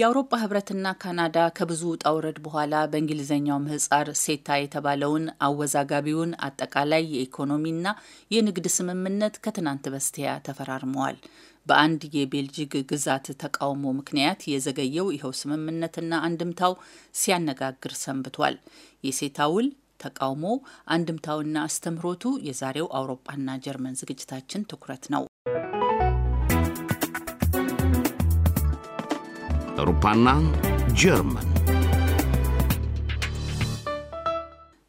የአውሮፓ ህብረትና ካናዳ ከብዙ ውጣ ውረድ በኋላ በእንግሊዝኛው ምህጻር ሴታ የተባለውን አወዛጋቢውን አጠቃላይ የኢኮኖሚና የንግድ ስምምነት ከትናንት በስቲያ ተፈራርመዋል። በአንድ የቤልጂግ ግዛት ተቃውሞ ምክንያት የዘገየው ይኸው ስምምነትና አንድምታው ሲያነጋግር ሰንብቷል። የሴታ ውል ተቃውሞ፣ አንድምታውና አስተምህሮቱ የዛሬው አውሮፓና ጀርመን ዝግጅታችን ትኩረት ነው። አውሮፓና ጀርመን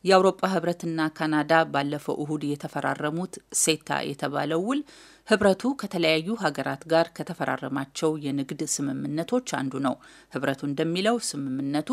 የአውሮፓ ህብረትና ካናዳ ባለፈው እሁድ የተፈራረሙት ሴታ የተባለው ውል ህብረቱ ከተለያዩ ሀገራት ጋር ከተፈራረማቸው የንግድ ስምምነቶች አንዱ ነው። ህብረቱ እንደሚለው ስምምነቱ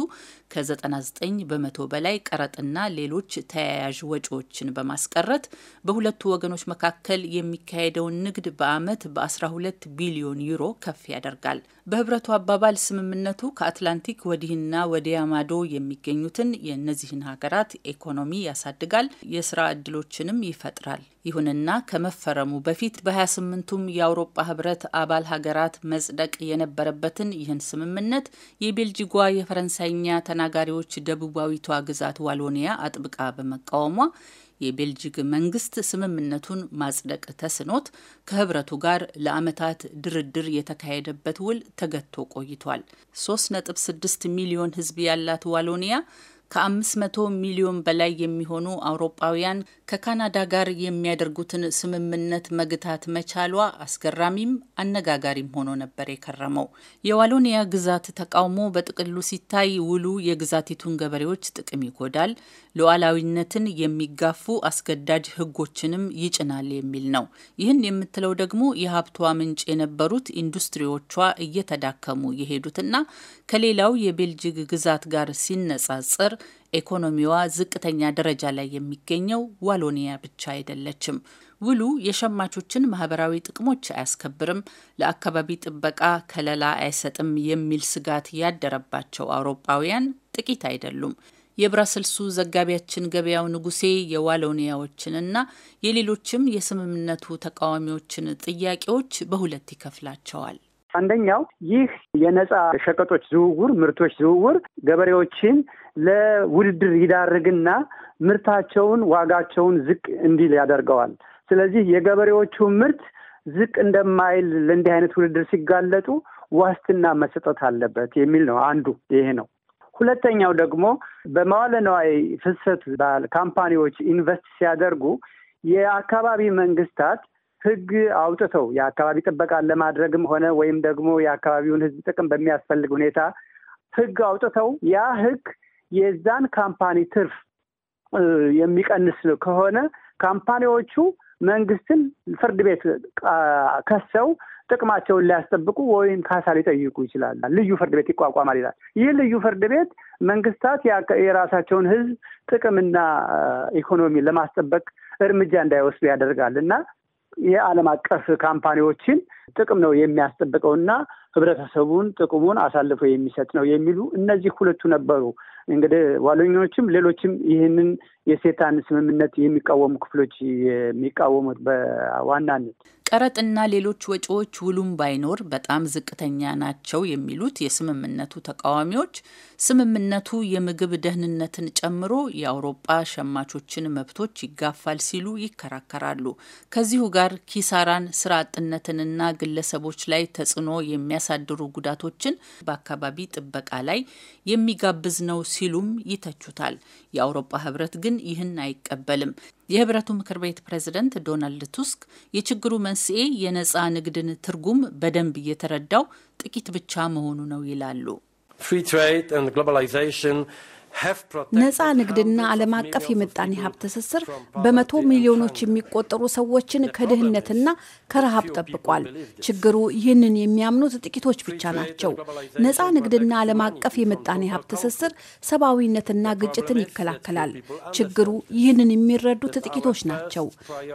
ከ99 በመቶ በላይ ቀረጥና ሌሎች ተያያዥ ወጪዎችን በማስቀረት በሁለቱ ወገኖች መካከል የሚካሄደውን ንግድ በአመት በ12 ቢሊዮን ዩሮ ከፍ ያደርጋል። በህብረቱ አባባል ስምምነቱ ከአትላንቲክ ወዲህና ወዲያ ማዶ የሚገኙትን የእነዚህን ሀገራት ኢኮኖሚ ያሳድጋል፣ የስራ እድሎችንም ይፈጥራል። ይሁንና ከመፈረሙ በፊት በ 28ቱም የአውሮጳ ህብረት አባል ሀገራት መጽደቅ የነበረበትን ይህን ስምምነት የቤልጂጓ የፈረንሳይኛ ተናጋሪዎች ደቡባዊቷ ግዛት ዋሎኒያ አጥብቃ በመቃወሟ የቤልጂግ መንግስት ስምምነቱን ማጽደቅ ተስኖት ከህብረቱ ጋር ለአመታት ድርድር የተካሄደበት ውል ተገቶ ቆይቷል። 3.6 ሚሊዮን ህዝብ ያላት ዋሎኒያ ከ500 ሚሊዮን በላይ የሚሆኑ አውሮፓውያን ከካናዳ ጋር የሚያደርጉትን ስምምነት መግታት መቻሏ አስገራሚም አነጋጋሪም ሆኖ ነበር የከረመው። የዋሎኒያ ግዛት ተቃውሞ በጥቅሉ ሲታይ ውሉ የግዛቲቱን ገበሬዎች ጥቅም ይጎዳል፣ ሉዓላዊነትን የሚጋፉ አስገዳጅ ሕጎችንም ይጭናል የሚል ነው። ይህን የምትለው ደግሞ የሀብቷ ምንጭ የነበሩት ኢንዱስትሪዎቿ እየተዳከሙ የሄዱትና ከሌላው የቤልጅግ ግዛት ጋር ሲነጻጸር ኢኮኖሚዋ ዝቅተኛ ደረጃ ላይ የሚገኘው ዋሎኒያ ብቻ አይደለችም። ውሉ የሸማቾችን ማህበራዊ ጥቅሞች አያስከብርም፣ ለአካባቢ ጥበቃ ከለላ አይሰጥም የሚል ስጋት ያደረባቸው አውሮፓውያን ጥቂት አይደሉም። የብራስልሱ ዘጋቢያችን ገበያው ንጉሴ የዋሎኒያዎችንና የሌሎችም የስምምነቱ ተቃዋሚዎችን ጥያቄዎች በሁለት ይከፍላቸዋል። አንደኛው ይህ የነጻ ሸቀጦች ዝውውር፣ ምርቶች ዝውውር ገበሬዎችን ለውድድር ይዳርግና ምርታቸውን ዋጋቸውን ዝቅ እንዲል ያደርገዋል። ስለዚህ የገበሬዎቹ ምርት ዝቅ እንደማይል ለእንዲህ አይነት ውድድር ሲጋለጡ ዋስትና መሰጠት አለበት የሚል ነው። አንዱ ይሄ ነው። ሁለተኛው ደግሞ በመዋለ ነዋይ ፍሰት ካምፓኒዎች ኢንቨስት ሲያደርጉ የአካባቢ መንግስታት ህግ አውጥተው የአካባቢ ጥበቃን ለማድረግም ሆነ ወይም ደግሞ የአካባቢውን ህዝብ ጥቅም በሚያስፈልግ ሁኔታ ህግ አውጥተው ያ ህግ የዛን ካምፓኒ ትርፍ የሚቀንስ ከሆነ ካምፓኒዎቹ መንግስትን ፍርድ ቤት ከሰው ጥቅማቸውን ሊያስጠብቁ ወይም ካሳ ሊጠይቁ ይችላል። ልዩ ፍርድ ቤት ይቋቋማል ይላል። ይህ ልዩ ፍርድ ቤት መንግስታት የራሳቸውን ህዝብ ጥቅምና ኢኮኖሚ ለማስጠበቅ እርምጃ እንዳይወስዱ ያደርጋል እና የዓለም አቀፍ ካምፓኒዎችን ጥቅም ነው የሚያስጠብቀውና ህብረተሰቡን ጥቅሙን አሳልፎ የሚሰጥ ነው የሚሉ እነዚህ ሁለቱ ነበሩ። እንግዲህ ዋለኞችም ሌሎችም ይህንን የሴታን ስምምነት የሚቃወሙ ክፍሎች የሚቃወሙት በዋናነት ቀረጥና ሌሎች ወጪዎች ውሉም ባይኖር በጣም ዝቅተኛ ናቸው የሚሉት የስምምነቱ ተቃዋሚዎች ስምምነቱ የምግብ ደህንነትን ጨምሮ የአውሮጳ ሸማቾችን መብቶች ይጋፋል ሲሉ ይከራከራሉ። ከዚሁ ጋር ኪሳራን፣ ስራ አጥነትንና ግለሰቦች ላይ ተጽዕኖ የሚያሳድሩ ጉዳቶችን በአካባቢ ጥበቃ ላይ የሚጋብዝ ነው ሲሉም ይተቹታል። የአውሮጳ ህብረት ግን ግን ይህን አይቀበልም። የህብረቱ ምክር ቤት ፕሬዝደንት ዶናልድ ቱስክ የችግሩ መንስኤ የነፃ ንግድን ትርጉም በደንብ እየተረዳው ጥቂት ብቻ መሆኑ ነው ይላሉ። ነፃ ንግድና ዓለም አቀፍ የምጣኔ ሀብት ትስስር በመቶ ሚሊዮኖች የሚቆጠሩ ሰዎችን ከድህነትና ከረሃብ ጠብቋል። ችግሩ ይህንን የሚያምኑት ጥቂቶች ብቻ ናቸው። ነፃ ንግድና ዓለም አቀፍ የምጣኔ ሀብት ትስስር ሰብአዊነትና ግጭትን ይከላከላል። ችግሩ ይህንን የሚረዱት ጥቂቶች ናቸው።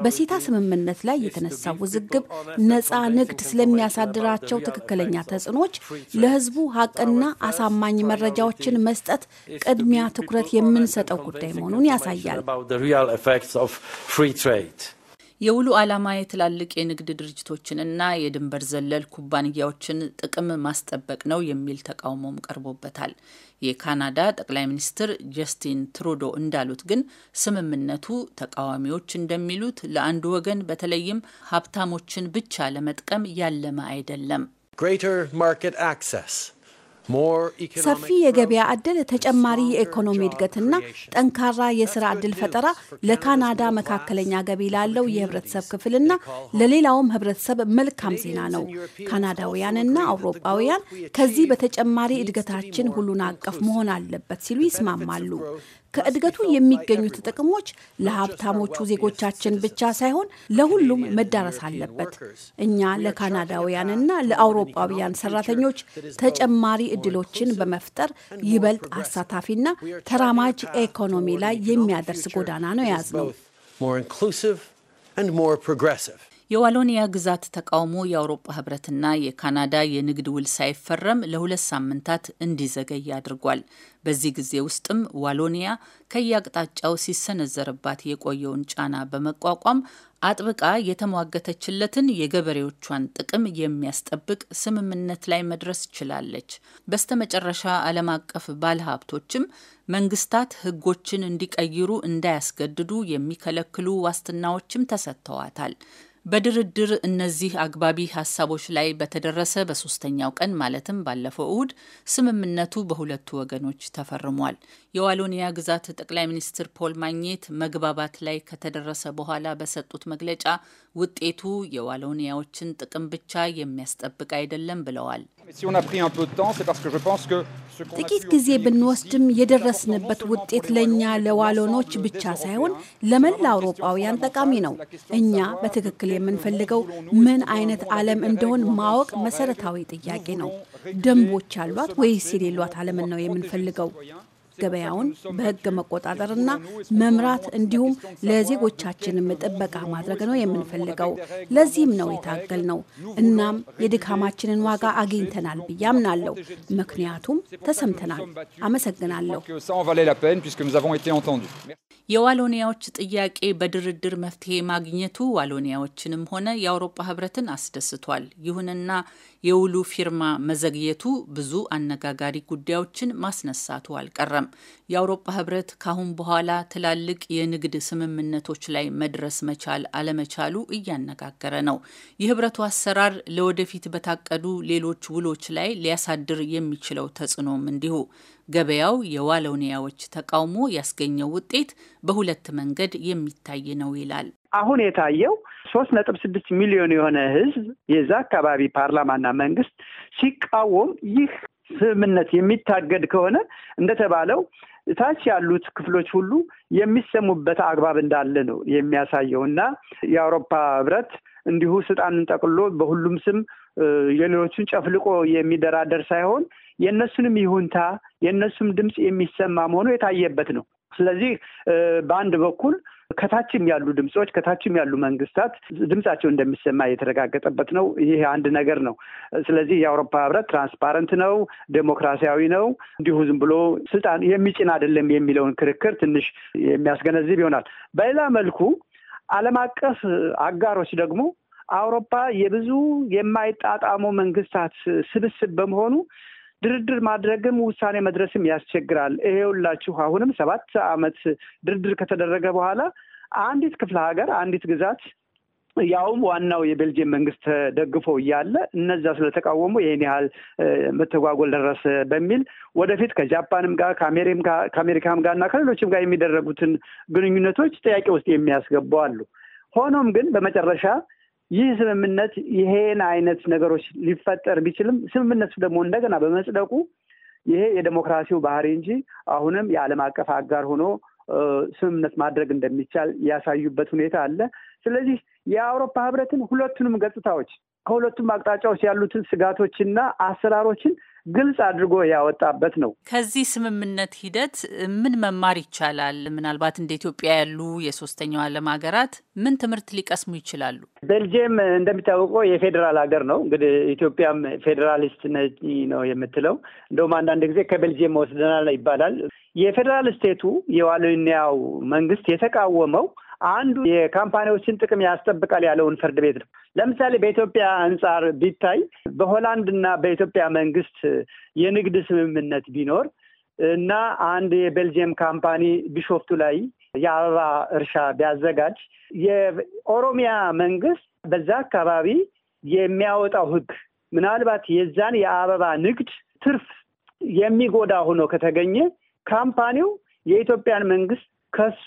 በሴታ ስምምነት ላይ የተነሳው ውዝግብ ነፃ ንግድ ስለሚያሳድራቸው ትክክለኛ ተጽዕኖች ለህዝቡ ሀቅና አሳማኝ መረጃዎችን መስጠት ቅድሚ ቅድሚያ ትኩረት የምንሰጠው ጉዳይ መሆኑን ያሳያል። የውሉ ዓላማ የትላልቅ የንግድ ድርጅቶችንና የድንበር ዘለል ኩባንያዎችን ጥቅም ማስጠበቅ ነው የሚል ተቃውሞም ቀርቦበታል። የካናዳ ጠቅላይ ሚኒስትር ጀስቲን ትሩዶ እንዳሉት ግን ስምምነቱ ተቃዋሚዎች እንደሚሉት ለአንዱ ወገን በተለይም ሀብታሞችን ብቻ ለመጥቀም ያለመ አይደለም። ግሬተር ማርኬት አክሰስ ሰፊ የገበያ ዕድል፣ ተጨማሪ የኢኮኖሚ እድገትና ጠንካራ የስራ ዕድል ፈጠራ ለካናዳ መካከለኛ ገቢ ላለው የህብረተሰብ ክፍልና ለሌላውም ህብረተሰብ መልካም ዜና ነው። ካናዳውያንና አውሮፓውያን ከዚህ በተጨማሪ እድገታችን ሁሉን አቀፍ መሆን አለበት ሲሉ ይስማማሉ። ከእድገቱ የሚገኙት ጥቅሞች ለሀብታሞቹ ዜጎቻችን ብቻ ሳይሆን ለሁሉም መዳረስ አለበት። እኛ ለካናዳውያንና ለአውሮጳውያን ሰራተኞች ተጨማሪ እድሎችን በመፍጠር ይበልጥ አሳታፊና ተራማጅ ኢኮኖሚ ላይ የሚያደርስ ጎዳና ነው የያዝነው። የዋሎኒያ ግዛት ተቃውሞ የአውሮፓ ህብረትና የካናዳ የንግድ ውል ሳይፈረም ለሁለት ሳምንታት እንዲዘገይ አድርጓል። በዚህ ጊዜ ውስጥም ዋሎኒያ ከየአቅጣጫው ሲሰነዘርባት የቆየውን ጫና በመቋቋም አጥብቃ የተሟገተችለትን የገበሬዎቿን ጥቅም የሚያስጠብቅ ስምምነት ላይ መድረስ ችላለች። በስተመጨረሻ ዓለም አቀፍ ባለሀብቶችም መንግስታት ህጎችን እንዲቀይሩ እንዳያስገድዱ የሚከለክሉ ዋስትናዎችም ተሰጥተዋታል። በድርድር እነዚህ አግባቢ ሀሳቦች ላይ በተደረሰ በሶስተኛው ቀን ማለትም ባለፈው እሁድ ስምምነቱ በሁለቱ ወገኖች ተፈርሟል። የዋሎኒያ ግዛት ጠቅላይ ሚኒስትር ፖል ማግኘት መግባባት ላይ ከተደረሰ በኋላ በሰጡት መግለጫ ውጤቱ የዋሎኒያዎችን ጥቅም ብቻ የሚያስጠብቅ አይደለም ብለዋል። ጥቂት ጊዜ ብንወስድም የደረስንበት ውጤት ለእኛ ለዋሎኖች ብቻ ሳይሆን ለመላ አውሮጳውያን ጠቃሚ ነው። እኛ በትክክል የምንፈልገው ምን አይነት ዓለም እንደሆን ማወቅ መሰረታዊ ጥያቄ ነው። ደንቦች ያሏት ወይስ የሌሏት ዓለምን ነው የምንፈልገው? ገበያውን በህግ መቆጣጠርና መምራት እንዲሁም ለዜጎቻችንም ጥበቃ ማድረግ ነው የምንፈልገው። ለዚህም ነው የታገል ነው። እናም የድካማችንን ዋጋ አግኝተናል ብዬ አምናለሁ። ምክንያቱም ተሰምተናል። አመሰግናለሁ። የዋሎኒያዎች ጥያቄ በድርድር መፍትሄ ማግኘቱ ዋሎኒያዎችንም ሆነ የአውሮፓ ህብረትን አስደስቷል። ይሁንና የውሉ ፊርማ መዘግየቱ ብዙ አነጋጋሪ ጉዳዮችን ማስነሳቱ አልቀረም። የአውሮፓ ህብረት ካሁን በኋላ ትላልቅ የንግድ ስምምነቶች ላይ መድረስ መቻል አለመቻሉ እያነጋገረ ነው። የህብረቱ አሰራር ለወደፊት በታቀዱ ሌሎች ውሎች ላይ ሊያሳድር የሚችለው ተጽዕኖም እንዲሁ ገበያው የዋሎኒያዎች ተቃውሞ ያስገኘው ውጤት በሁለት መንገድ የሚታይ ነው ይላል። አሁን የታየው ሶስት ነጥብ ስድስት ሚሊዮን የሆነ ህዝብ የዛ አካባቢ ፓርላማና መንግስት ሲቃወም ይህ ስምምነት የሚታገድ ከሆነ እንደተባለው ታች ያሉት ክፍሎች ሁሉ የሚሰሙበት አግባብ እንዳለ ነው የሚያሳየው እና የአውሮፓ ህብረት እንዲሁ ስልጣንን ጠቅሎ በሁሉም ስም የሌሎቹን ጨፍልቆ የሚደራደር ሳይሆን የእነሱንም ይሁንታ የእነሱም ድምፅ የሚሰማ መሆኑ የታየበት ነው። ስለዚህ በአንድ በኩል ከታችም ያሉ ድምፆች ከታችም ያሉ መንግስታት ድምፃቸው እንደሚሰማ የተረጋገጠበት ነው። ይህ አንድ ነገር ነው። ስለዚህ የአውሮፓ ህብረት ትራንስፓረንት ነው፣ ዴሞክራሲያዊ ነው፣ እንዲሁ ዝም ብሎ ስልጣን የሚጭን አይደለም የሚለውን ክርክር ትንሽ የሚያስገነዝብ ይሆናል። በሌላ መልኩ ዓለም አቀፍ አጋሮች ደግሞ አውሮፓ የብዙ የማይጣጣሙ መንግስታት ስብስብ በመሆኑ ድርድር ማድረግም ውሳኔ መድረስም ያስቸግራል። ይሄውላችሁ አሁንም ሰባት ዓመት ድርድር ከተደረገ በኋላ አንዲት ክፍለ ሀገር አንዲት ግዛት ያውም ዋናው የቤልጅየም መንግስት ተደግፎ እያለ እነዛ ስለተቃወሙ ይህን ያህል መተጓጎል ደረሰ በሚል ወደፊት ከጃፓንም ጋር ከአሜሪካም ጋር እና ከሌሎችም ጋር የሚደረጉትን ግንኙነቶች ጥያቄ ውስጥ የሚያስገቡ አሉ። ሆኖም ግን በመጨረሻ ይህ ስምምነት ይሄን አይነት ነገሮች ሊፈጠር ቢችልም ስምምነቱ ደግሞ እንደገና በመጽደቁ ይሄ የዴሞክራሲው ባህሪ እንጂ አሁንም የዓለም አቀፍ አጋር ሆኖ ስምምነት ማድረግ እንደሚቻል ያሳዩበት ሁኔታ አለ። ስለዚህ የአውሮፓ ህብረትን ሁለቱንም ገጽታዎች ከሁለቱም አቅጣጫዎች ያሉትን ስጋቶችና አሰራሮችን ግልጽ አድርጎ ያወጣበት ነው። ከዚህ ስምምነት ሂደት ምን መማር ይቻላል? ምናልባት እንደ ኢትዮጵያ ያሉ የሶስተኛው ዓለም ሀገራት ምን ትምህርት ሊቀስሙ ይችላሉ? ቤልጅየም እንደሚታወቀው የፌዴራል ሀገር ነው። እንግዲህ ኢትዮጵያም ፌዴራሊስት ነው የምትለው። እንደውም አንዳንድ ጊዜ ከቤልጅየም ወስደናል ይባላል። የፌዴራል ስቴቱ የዋሎኒያው መንግስት የተቃወመው አንዱ የካምፓኒዎችን ጥቅም ያስጠብቃል ያለውን ፍርድ ቤት ነው። ለምሳሌ በኢትዮጵያ አንጻር ቢታይ በሆላንድ እና በኢትዮጵያ መንግስት የንግድ ስምምነት ቢኖር እና አንድ የቤልጅየም ካምፓኒ ቢሾፍቱ ላይ የአበባ እርሻ ቢያዘጋጅ የኦሮሚያ መንግስት በዛ አካባቢ የሚያወጣው ህግ ምናልባት የዛን የአበባ ንግድ ትርፍ የሚጎዳ ሆኖ ከተገኘ ካምፓኒው የኢትዮጵያን መንግስት ከሶ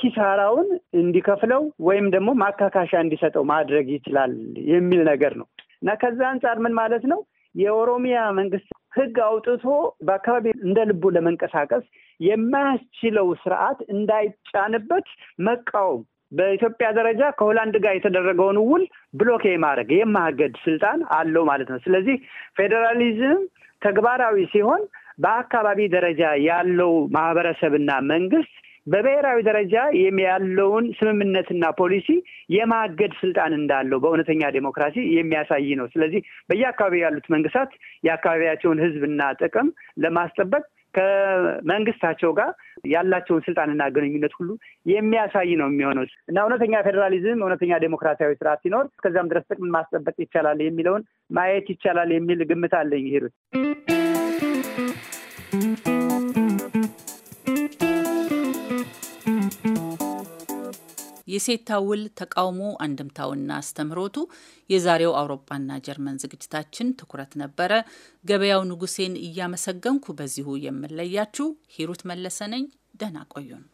ኪሳራውን እንዲከፍለው ወይም ደግሞ ማካካሻ እንዲሰጠው ማድረግ ይችላል የሚል ነገር ነው እና ከዛ አንጻር ምን ማለት ነው የኦሮሚያ መንግስት ህግ አውጥቶ በአካባቢ እንደ ልቡ ለመንቀሳቀስ የማያስችለው ስርዓት እንዳይጫንበት መቃወም በኢትዮጵያ ደረጃ ከሆላንድ ጋር የተደረገውን ውል ብሎኬ ማድረግ የማገድ ስልጣን አለው ማለት ነው። ስለዚህ ፌዴራሊዝም ተግባራዊ ሲሆን በአካባቢ ደረጃ ያለው ማህበረሰብና መንግስት በብሔራዊ ደረጃ ያለውን ስምምነትና ፖሊሲ የማገድ ስልጣን እንዳለው በእውነተኛ ዴሞክራሲ የሚያሳይ ነው። ስለዚህ በየአካባቢ ያሉት መንግስታት የአካባቢያቸውን ህዝብና ጥቅም ለማስጠበቅ ከመንግስታቸው ጋር ያላቸውን ስልጣንና ግንኙነት ሁሉ የሚያሳይ ነው የሚሆነው እና እውነተኛ ፌዴራሊዝም፣ እውነተኛ ዴሞክራሲያዊ ስርዓት ሲኖር እስከዚያም ድረስ ጥቅም ማስጠበቅ ይቻላል የሚለውን ማየት ይቻላል የሚል ግምት አለኝ ይሄዱት የሴታ ውል ተቃውሞ አንድምታውና አስተምህሮቱ የዛሬው አውሮፓና ጀርመን ዝግጅታችን ትኩረት ነበረ። ገበያው ንጉሴን እያመሰገንኩ በዚሁ የምለያችሁ ሂሩት መለሰ ነኝ። ደህና ቆዩን።